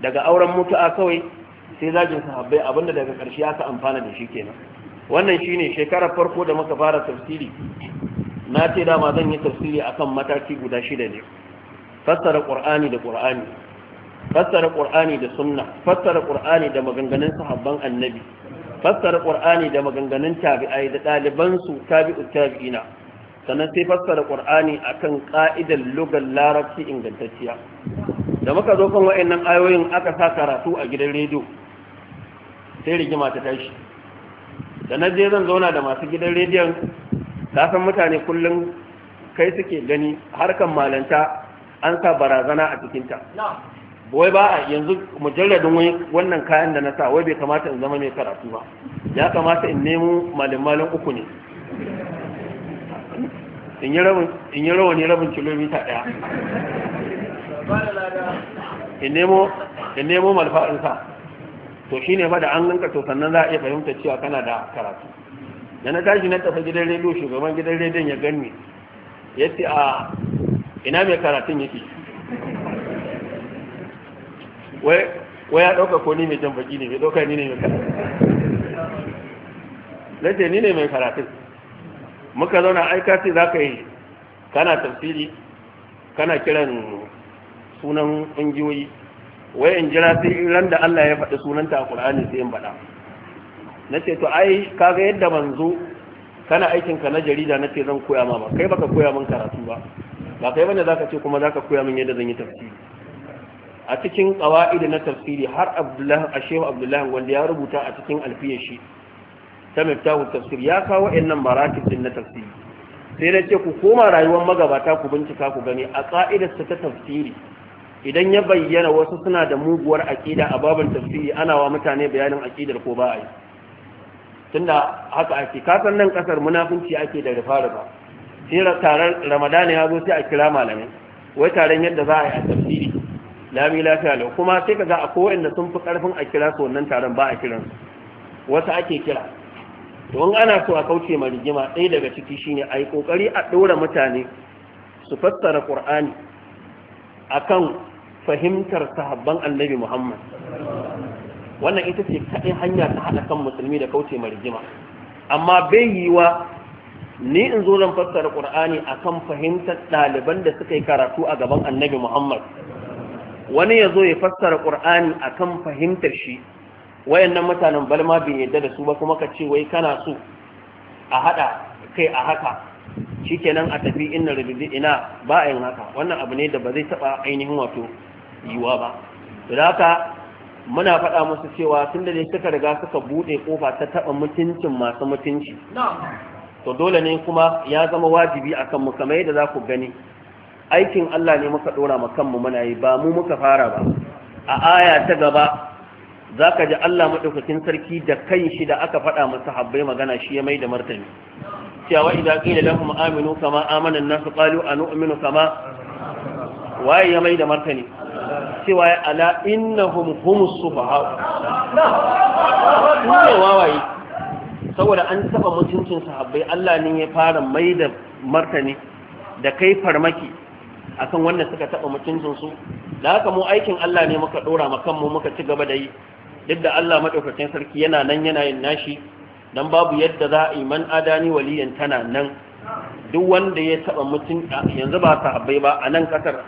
S1: daga auren mutu'a kawai sai zagin sahabbai abinda daga ƙarshe aka amfana da shi kenan wannan shine shekarar farko da muka fara tafsiri na ce dama zan yi tafsiri a kan mataki guda shida ne fassara qur'ani da qur'ani fassara qur'ani da sunna fassara ƙur'ani da maganganun sahabban annabi fassara ƙur'ani da maganganun tabi'ai da ɗalibansu tabi'u tabi'ina sannan sai fassara qur'ani akan ka'idar lugar larabci ingantacciya da muka zo kan wa'annan ayoyin aka sa karatu a gidan rediyo sai rigima ta tashi da na je zan zauna da masu gidan rediyon ta san mutane kullum kai suke gani harkan malanta an sa barazana a cikinta wai ba a yanzu mujalladin wannan kayan da na sa wai bai kamata in zama mai karatu ba ya kamata in nemo malin malin uku ne in yi rawani rabin kilomita ɗaya in nemo malfa'insa to shi ne da an ganka to sannan za a iya fahimta cewa kana da karatu da na tashi na tafi gidan rediyo shugaban gidan rediyon ya gani ya ce a ina mai karatun yake wai ya ɗauka ko ni mai jan baki ne mai ɗauka ni ne mai na ce ni ne mai karatun muka zauna ai ce za ka yi kana tafsiri kana kiran sunan ƙungiyoyi wai in jira sai ran da Allah ya faɗi sunanta a Qur'ani sai in faɗa na ce to ai kaga yadda ban zo kana aikinka na jarida na ce zan koya ma ba kai baka koya min karatu ba ba kai bane zaka ce kuma zaka koya min yadda zan yi tafsiri a cikin qawaid na tafsiri har Abdullahi Ashehu Abdullahi wanda ya rubuta a cikin alfiyar shi ta miftahu tafsir ya kawo innan maratib din na tafsiri sai na ce ku koma rayuwar magabata ku bincika ku gani a ka'idar ta tafsiri idan ya bayyana wasu suna da muguwar aƙida a babin tafsiri ana wa mutane bayanin aqidar ko ba a yi tunda haka ake kasan nan kasar munafunci ake da rufa rufa sai taron Ramadan ya zo sai a kira malamai wai taron yadda za a yi a tafsiri lami lafiya lau kuma sai ka ga a kowanne sun fi karfin a kira su wannan taron ba a su. wasu ake kira don ana so a kauce ma rigima ɗaya daga ciki shine a yi ƙoƙari a ɗora mutane su fassara ƙur'ani kan fahimtar sahabban annabi muhammad wannan ita ce kaɗai hanya ta haɗa kan musulmi da kauce ma rigima amma bai yi wa ni in zo zan fassara ƙur'ani kan fahimtar ɗaliban da suka yi karatu a gaban annabi muhammad wani ya zo ya fassara ƙur'ani kan fahimtar shi wayannan mutanen balma bin yadda da su ba kuma ka ce wai kana su a hada kai a haka shikenan a tafi inna rubuzi ina ba a yin haka wannan abu ne da ba zai taba ainihin wato yiwa ba to da haka muna faɗa musu cewa tun da suka riga suka buɗe kofa ta taɓa mutuncin masu mutunci to dole ne kuma ya zama wajibi a kanmu kamar yadda za ku gani aikin Allah ne muka ɗora ma kanmu muna yi ba mu muka fara ba a aya ta gaba za ka ji Allah maɗaukakin sarki da kan shi da aka faɗa masa habbai magana shi ya mai da martani cewa idan ƙila lahum aminu kama amanan nasu a anu'minu kama waye ya mai da martani cewa ala innahum humus sufaha
S2: ne wawaye
S1: saboda an taba mutuncin sahabbai Allah ne ya fara mai da martani da kai farmaki akan wanda suka taba mutuncin su da haka mu aikin Allah ne muka ɗora mu kanmu muka ci gaba da yi duk da Allah madaukakin sarki yana nan yana yin nashi dan babu yadda za a yi man adani waliyan tana nan duk wanda ya taba mutun yanzu ba abai ba a nan kasar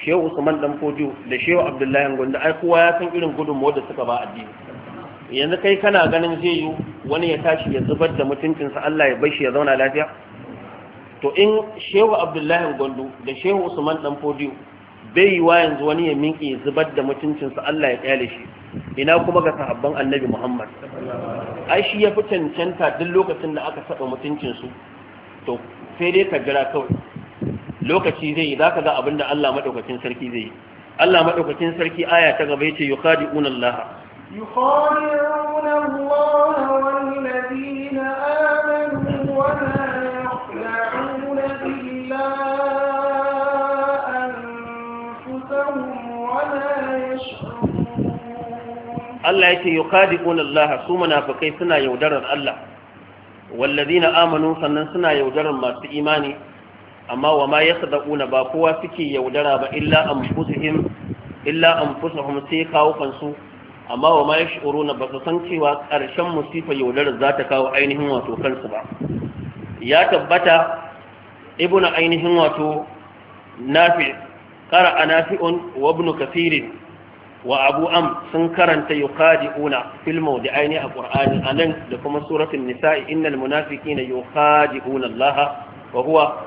S1: Shehu Usman dan fojo da Shehu Abdullahi Gondo ai kowa ya san irin gudunmuwar da suka ba addini yanzu kai kana ganin zai yi wani ya tashi ya zubar da mutuncinsa Allah ya shi ya zauna lafiya to in Shehu Abdullahi Gondo da Shehu Usman dan fojo bai yi wa yanzu wani ya minki zubar da mutuncinsa Allah ya kyale shi ina kuma ga sahabban annabi Muhammad ai shi ya fi cancanta duk lokacin da aka saba mutuncinsu to sai dai ka jira kawai lokaci zai yi zaka ga abinda Allah madaukakin sarki zai yi Allah madaukakin sarki aya ta gaba yace yukhadi'una Allah
S2: yukhadi'una Allah wal ladina amanu wa
S3: Allah yake
S1: yukhadi'un Allah su munafikai suna yaudarar Allah wallazina amanu sannan suna yaudarar masu imani amma wa ma yasdaquna ba kowa suke yaudara ba illa anfusuhum illa anfusuhum sai kawo kansu amma wa ma yash'uruna ba su san cewa ƙarshen musifa yaudarar za ta kawo ainihin wato kansu ba ya tabbata ibnu ainihin wato nafi qara'a nafi'un wa ibnu kathirin wa abu am sun karanta yukhadi'una fil mawdi'aini a qur'ani anan da kuma suratul nisa'i innal munafiqina yukhadi'una Allah wa huwa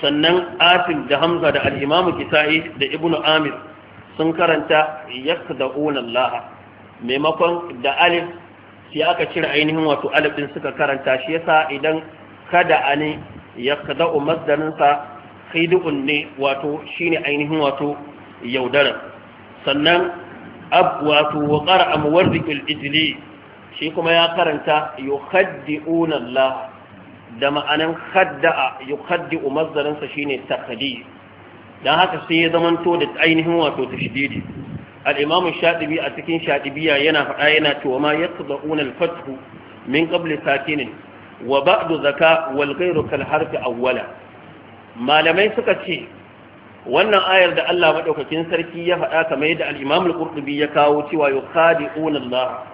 S1: sannan asim da hamza da al kisa'i da ibnu amir sun karanta yakhda'una Allah maimakon da alif sai aka cire ainihin wato alif din suka karanta shi yasa idan kada ani yakhda'u masdarinsa khidu'un ne wato shine ainihin wato yaudaran sannan ab wato wa qara'a muwarrikul ijli shi kuma ya karanta yukhaddi'una Allah da ma'anan hadda'a yukhaddi'u mazdarin sa shine takhdi dan haka sai ya zamanto da ainihin wato tashdidi al-imam shaɗibi a cikin shaɗibiya yana faɗa yana cewa ma yaqda'una unal fath min qabli sakinin wa ba'du zaka wal ghayru kal harfi awwala malamai suka ce wannan ayar da Allah maɗaukakin sarki ya faɗa kamar yadda al-Imam al ya kawo cewa yukhadi'una Allah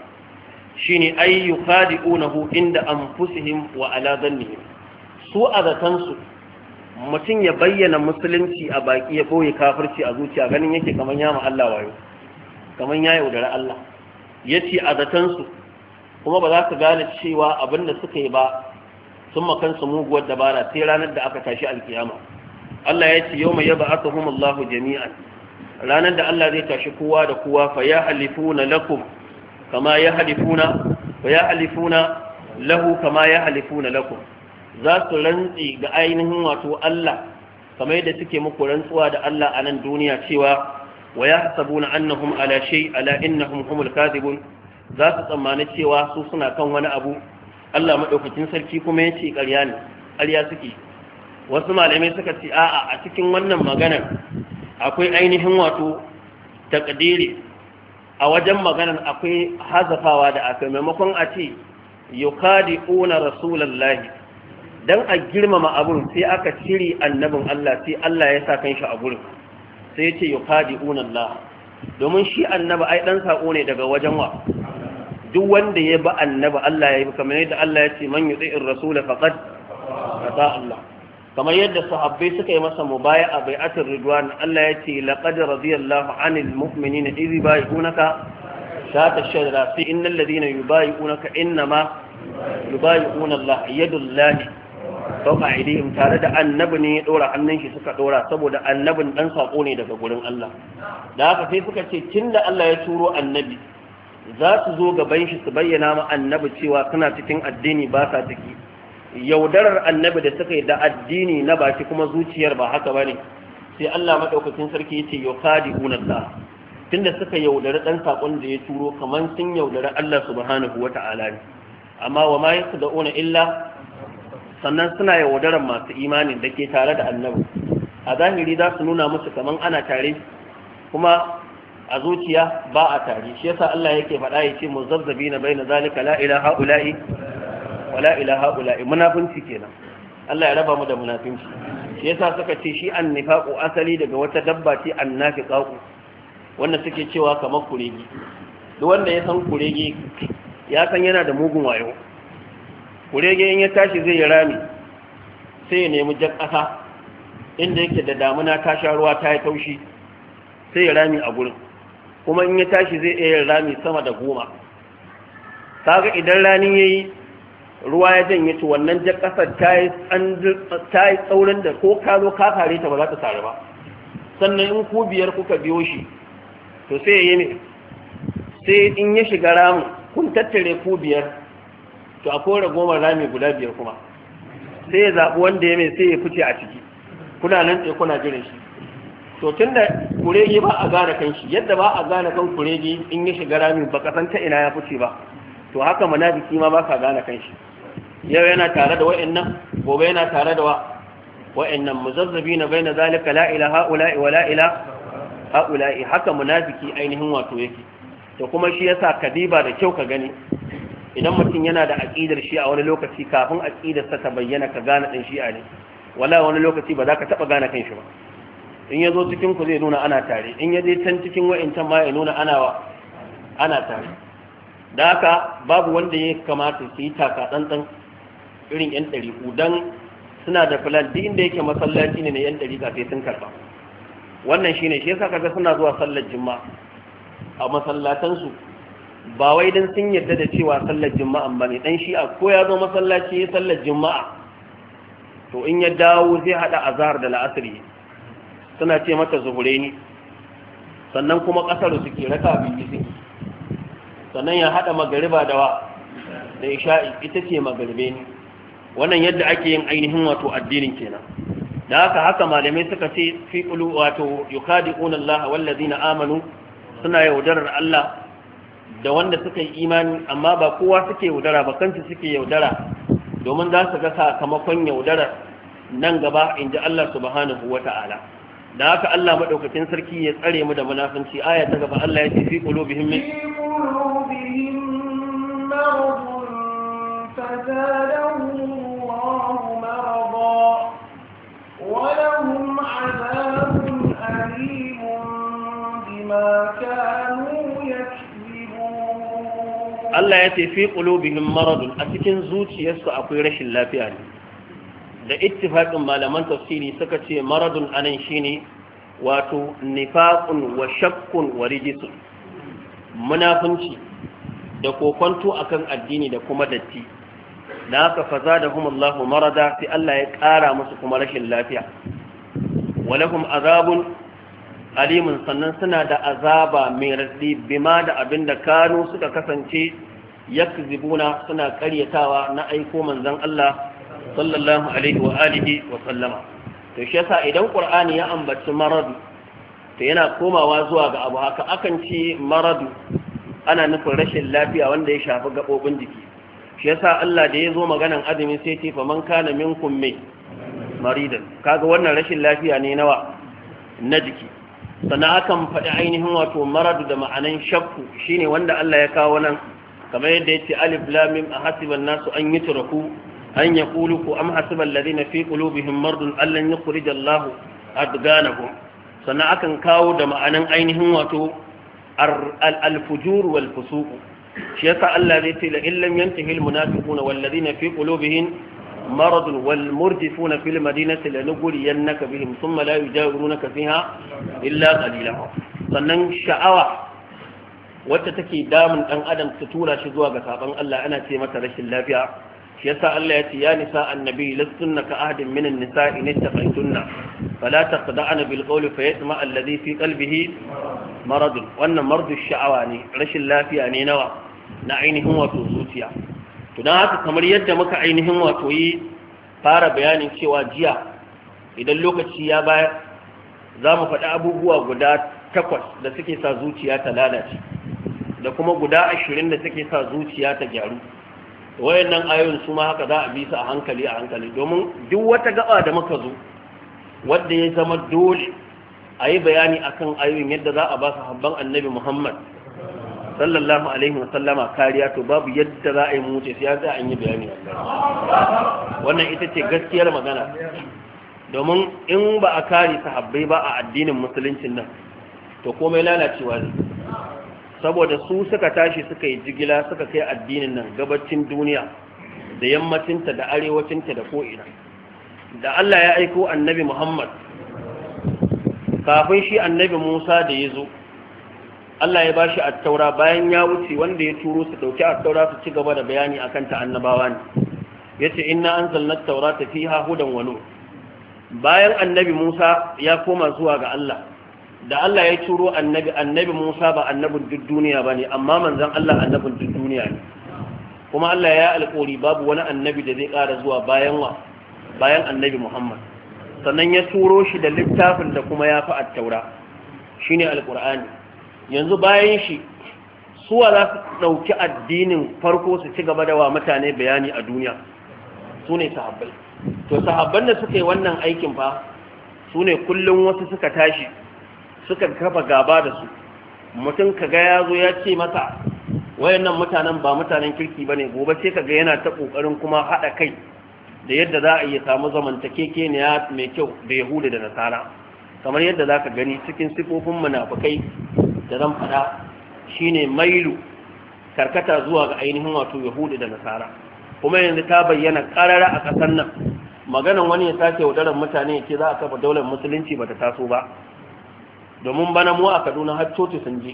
S1: shine ay yukhadi'unahu inda anfusihim wa ala dhannihim su azatan su mutum ya bayyana musulunci a baki ya boye kafirci a zuciya ganin yake kamar ya ma Allah wayo kamar ya yaudara Allah yace azatan su kuma ba za ka gane cewa abin da suka yi ba sun makansu muguwar dabara sai ranar da aka tashi alkiyama Allah ya ce yau mai yaba aka Allahu jami'an ranar da Allah zai tashi kowa da kowa fa ya halifuna lakum kama ya halifuna fa ya lahu kama ya halifuna lakum za su rantsi ga ainihin wato Allah kamar yadda suke muku rantsuwa da Allah a nan duniya cewa wa yahsabuna annahum ala shay ala innahum humul kadhibun za su tsammani cewa su suna kan wani abu Allah madaukakin sarki kuma yace ƙarya ne ƙarya suke wasu malamai suka ce a'a a cikin wannan maganar akwai ainihin wato takdiri a wajen maganar akwai hazafawa da aka maimakon a ce yukadi una rasulallahi dan a girmama abun sai aka shiri annabin Allah sai Allah ya sa kanshi a gurin sai ya ce yukadi una Allah domin shi annabi ai dan sako ne daga wajen wa duk wanda ya ba annabi Allah ya yi kamar yadda Allah ya ce man yuti'ir rasul faqad ata Allah kamar yadda sahabbai suka yi masa mubaya a riduwa ridwan Allah ya ce laqad radiyallahu anil mu'minina idh yubayyi'unaka ta shajara fi innal ladina yi innama yubayyi'una Allah yadullahi fawqa aydihim tare da annabi ne ya ɗora hannun shi suka ɗora, saboda annabin dan sako ne daga gurin Allah da haka sai suka ce da Allah ya turo annabi za su zo gaban shi su bayyana ma annabi cewa suna cikin addini ba sa ciki yaudarar annabi da suka yi da addini na baki kuma zuciyar ba haka ba ne, sai Allah madaukakin sarki yace yukhadi'una Allah tunda suka yaudari ɗan sakon da ya turo kamar sun yaudari Allah subhanahu wata'ala ne amma wa ma yasda'una illa sannan suna yaudaran masu imani da ke tare da annabi a zahiri za su nuna musu kamar ana tare kuma a zuciya ba a tare shi yasa Allah yake faɗa ya yace muzazzabina baina zalika la ilaha ula'i wala ila haula munafinci kenan Allah ya raba mu da munafinci shi yasa suka ce shi an annifaqu asali daga wata dabba ce annafiqaqu wanda suke cewa kamar kuregi duk wanda ya san kuregi ya san yana da mugun wayo kurege in ya tashi zai yi rami sai ya nemi jan ƙasa inda yake da damuna ta sha ruwa ta yi taushi sai ya rami a gurin kuma in ya tashi zai iya yin rami sama da goma kaga idan rani yayi ruwa ya janye ta wannan jar kasar ta yi tsaurin da ko ka zo ka kare ta ba za ta sare ba sannan in ku biyar kuka biyo shi to sai ya yi ne sai in ya shiga ramu kun tattare ku biyar to a akwai goma rami guda biyar kuma sai ya zaɓi wanda ya mai sai ya fice a ciki kuna nan tsaye kuna jiran shi to tun da kurege ba a gane kan shi yadda ba a gane kan kurege in ya shiga rami ba kasan ta ina ya fice ba to haka munafiki ma ba ka gane kanshi yau yana tare da wa'annan gobe yana tare da wa'annan muzazzabina baina zalika la ilaha illa wa la'ila ilaha haula'i haka munafiki ainihin wato yake to kuma shi yasa kadiba da kyau ka gani idan mutum yana da aqidar shi a wani lokaci kafin aqidar sa ta bayyana ka gane din shi ne wala wani lokaci ba za ka taba gane kanshi ba in yazo cikin ku zai nuna ana tare in yaje can cikin wa'ancan ma ya nuna ana wa ana tare da haka babu wanda ya kamata su yi taka ɗanɗan irin 'yan ɗari don suna da filan duk inda yake masallaci ne na 'yan ɗari sai sun karɓa wannan shine shi yasa kaga suna zuwa sallar juma'a a masallatansu ba wai dan sun yarda da cewa sallar juma'a ba ne dan a ko ya zo masallaci ya sallar juma'a to in ya dawo zai hada azhar da la'asri suna ce mata zuhure ni sannan kuma kasar suke raka biyu sannan ya haɗa magariba da wa da isha'i ita ce magaribe ne wannan yadda ake yin ainihin wato addinin kenan da haka haka malamai suka ce fi ulu wato yukadi'una Allah wallazina amanu suna yaudarar Allah da wanda suka yi imani amma ba kowa suke yaudara ba kanci suke yaudara domin za su ga sakamakon yaudara nan gaba in ji Allah subhanahu wa ta'ala da haka Allah madaukakin sarki ya tsare mu da munafunci aya ta gaba Allah ya ce fi qulubihim min
S2: مرض فزاده الله مرضا ولهم عذاب أليم بما كانوا يكذبون الله يتي
S1: في قلوبهم مرض أتكن زوتي يسوى أقوي الله في da ittifaqin malaman tafsiri suka ce maradun anan shine wato nifaqun wa shakkun wa rijisun munafunci da kokonto akan addini da kuma datti da haka faza da kuma Allahu marada sai Allah ya ƙara musu kuma rashin lafiya walahum azabun alimun sannan suna da azaba mai raɗi bima da abin da kanu suka kasance yakzibuna suna ƙaryatawa na aiko manzon Allah sallallahu alaihi wa alihi wa sallama to shi yasa idan qur'ani ya ambaci maradu to yana komawa zuwa ga abu haka akan ce maradu ana nufin rashin lafiya wanda ya shafi gaɓoɓin jiki shi yasa Allah da ya zo maganan azumi sai ce fa man kana minkum mai maridan kaga wannan rashin lafiya ne nawa na jiki sannan akan faɗi ainihin wato maradu da ma'anan shakku shine wanda Allah ya kawo nan kamar yadda ya ce alif lam mim ahasiban nasu an yutraku an yaqulu ku am hasiba alladhina fi qulubihim maradun allan yukhrij Allah adganahum sannan akan kawo da ma'anan ainihin wato al-fujur wal fusuq shi yasa Allah zai ce la illam yantahi al munafiquna wal ladina fi qulubihim مرض والمرجفون في المدينة لنغرينك بهم ثم لا يجاورونك فيها إلا قليلا sannan sha'awa wacce take damun ɗan adam ta tura shi zuwa ga sabon Allah ana ce mata rashin lafiya shi yasa Allah ya ce ya nisa annabi lasunna ka ahadin minan nisa in ittaqaytunna fala taqda'na bil qawli fa yatma alladhi fi qalbihi maradun wannan mardun sha'awa ne rashin lafiya ne nawa na ainihin wato zuciya to don haka kamar yadda muka ainihin wato yi fara bayanin cewa jiya idan lokaci ya baya za mu faɗi abubuwa guda takwas da suke sa zuciya ta lalace da kuma guda ashirin da suke sa zuciya ta gyaru wayannan ayoyin su ma haka za a bi su a hankali a hankali domin duk wata gaba da muka zo wadda ya zama dole a yi bayani a kan ayoyin yadda za a ba su habban annabi muhammad sallallahu alaihi wasallama kariya to babu yadda za a yi mutu sai za a yi bayani
S3: wannan ita ce gaskiyar magana
S1: domin in ba a kare sahabbai ba a addinin musuluncin nan to komai lalacewa ne saboda su suka tashi suka yi jigila suka kai addinin nan gabacin duniya da yammacinta da arewacinta da ko'ina da Allah ya aiko annabi Muhammad kafin shi annabi Musa da ya zo Allah ya bashi attaura bayan ya wuce wanda ya turo su dauki attaura su ci gaba da bayani akan ta annabawa ne yace inna anzalna at-taurata fiha hudan wa nur bayan annabi Musa ya koma zuwa ga Allah da Allah ya turo annabi annabi Musa ba annabin duk duniya bane amma manzon Allah annabin duk duniya ne kuma Allah ya alƙori babu wani annabi da zai ƙara zuwa bayan wa bayan annabi Muhammad sannan ya turo shi da littafin da kuma ya fi attaura shi ne alƙur'ani yanzu bayan shi suwa za su ɗauki addinin farko su ci gaba da wa mutane bayani a duniya su ne sahabbai to sahabban da suka yi wannan aikin fa su ne kullum wasu suka tashi suka kafa gaba da su mutum kaga ya zo ya ce masa wayannan mutanen ba mutanen kirki ba ne gobe sai ka ga yana ta ƙoƙarin kuma haɗa kai da yadda za a iya samu zamantakekeniya mai kyau da yahudu da nasara kamar yadda za ka gani cikin sifofin munafukai da zan faɗa shine mailu karkata zuwa ga ainihin wato yahudu da nasara kuma yanzu ta bayyana karara a kasar nan maganan wani ya sake wadaran mutane ya za a kafa daular musulunci bata taso ba domin bana mu a kaduna har coci sun je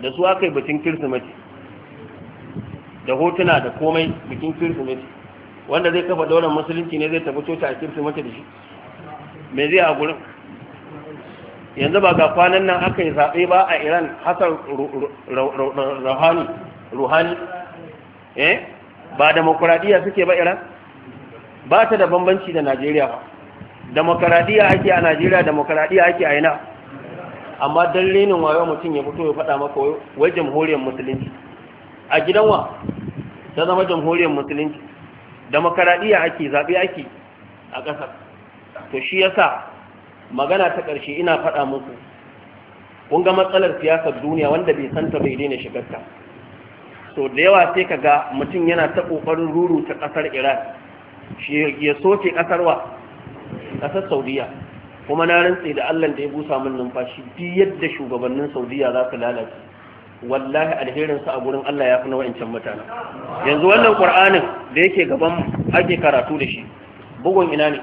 S1: da su aka yi bikin kirsimeti da hotuna da komai bikin kirsimeti wanda zai kafa daular musulunci ne zai tafi coci a kirsi mace da shi me zai a gurin yanzu ba ga kwanan nan aka yi zaɓe ba a iran hassan ruhani ruhani eh ba demokuraɗiyya suke ba iran ba ta da bambanci da najeriya ba demokuraɗiyya ake a najeriya demokuraɗiyya ake a ina amma don lenin wayo mutum ya fito ya faɗa maka wai jamhuriyar musulunci a gidan wa ta zama jamhuriyar musulunci demokaradiyya ake zaɓe ake a ƙasar to shi yasa magana ta ƙarshe ina faɗa muku kun ga matsalar siyasar duniya wanda bai santa bai daina shigarta so da yawa sai ka ga mutum yana ta ƙoƙarin ta ƙasar iran shi ya soke ƙasar wa ƙasar saudiya kuma na rantse da allah da ya busa min numfashi duk yadda shugabannin saudiya za su lalace wallahi alherin sa a gurin Allah ya fi na wa'ancan mutanen yanzu wannan qur'anin da yake gaban ake karatu da shi bugun ina ne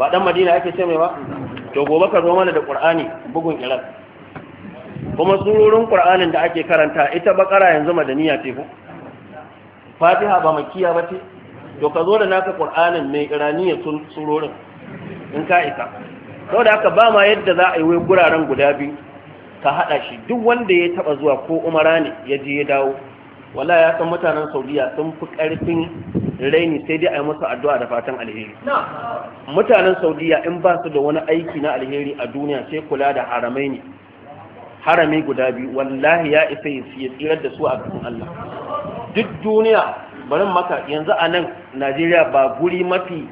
S1: ba dan madina ake ce mai ba to gobe ka zo mana da qur'ani bugun ina. kuma surorin qur'anin da ake karanta ita bakara yanzu madaniya ce ko fatiha ba makiya ba ce to ka zo da naka qur'anin mai iraniya sun surorin in ka isa saboda haka ba ma yadda za a yi wai guraren guda biyu ka haɗa shi duk wanda ya taɓa zuwa ko umara ne ya je ya dawo wala ya san mutanen saudiya sun fi ƙarfin raini sai dai a yi musu addu'a da fatan alheri mutanen saudiya in ba su da wani aiki na alheri a duniya sai kula da haramai ne harami guda biyu wallahi ya isa ya tsirar da su a cikin Allah duk duniya bari maka yanzu a nan Najeriya ba guri mafi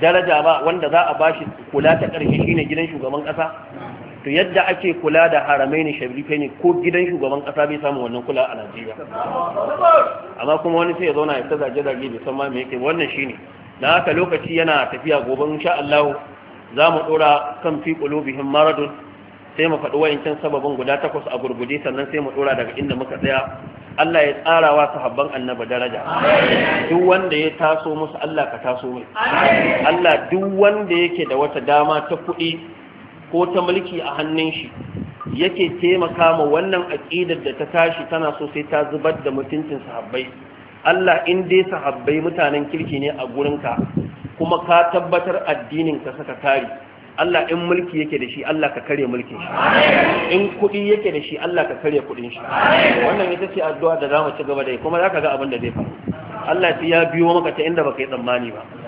S1: daraja ba wanda za a bashi kula ta ƙarshe shine gidan shugaban ƙasa to yadda ake kula da haramai ne sharife ne ko gidan shugaban kasa bai samu wannan kula a Najeriya amma kuma wani sai ya zauna ya ta zage ne bai san ma me yake wannan shine Na haka lokaci yana tafiya gobe insha Allah za mu dora kan fi qulubihim maradun sai mu faɗi wayancin sababin guda takwas a gurguje sannan sai mu dora daga inda muka tsaya Allah ya tsara wa sahabban annaba daraja duk wanda ya taso musu Allah ka taso mai Allah duk wanda yake da wata dama ta kuɗi ko ta mulki a hannun shi yake taimaka ma wannan aƙidar da ta tashi tana so sai ta zubar da mutuncin sahabbai Allah in dai sahabbai mutanen kirki ne a gurinka kuma ka tabbatar addinin ka saka kare Allah in mulki yake da shi Allah ka kare mulkin shi in kuɗi yake da shi Allah ka kare kuɗin shi wannan ita ce addu'a da za mu ci gaba da yi kuma za ka ga abin da zai faru Allah ya biyo maka ta inda baka yi tsammani ba